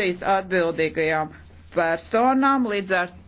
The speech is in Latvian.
korupcijas atbildīgajām personām. Līdz ar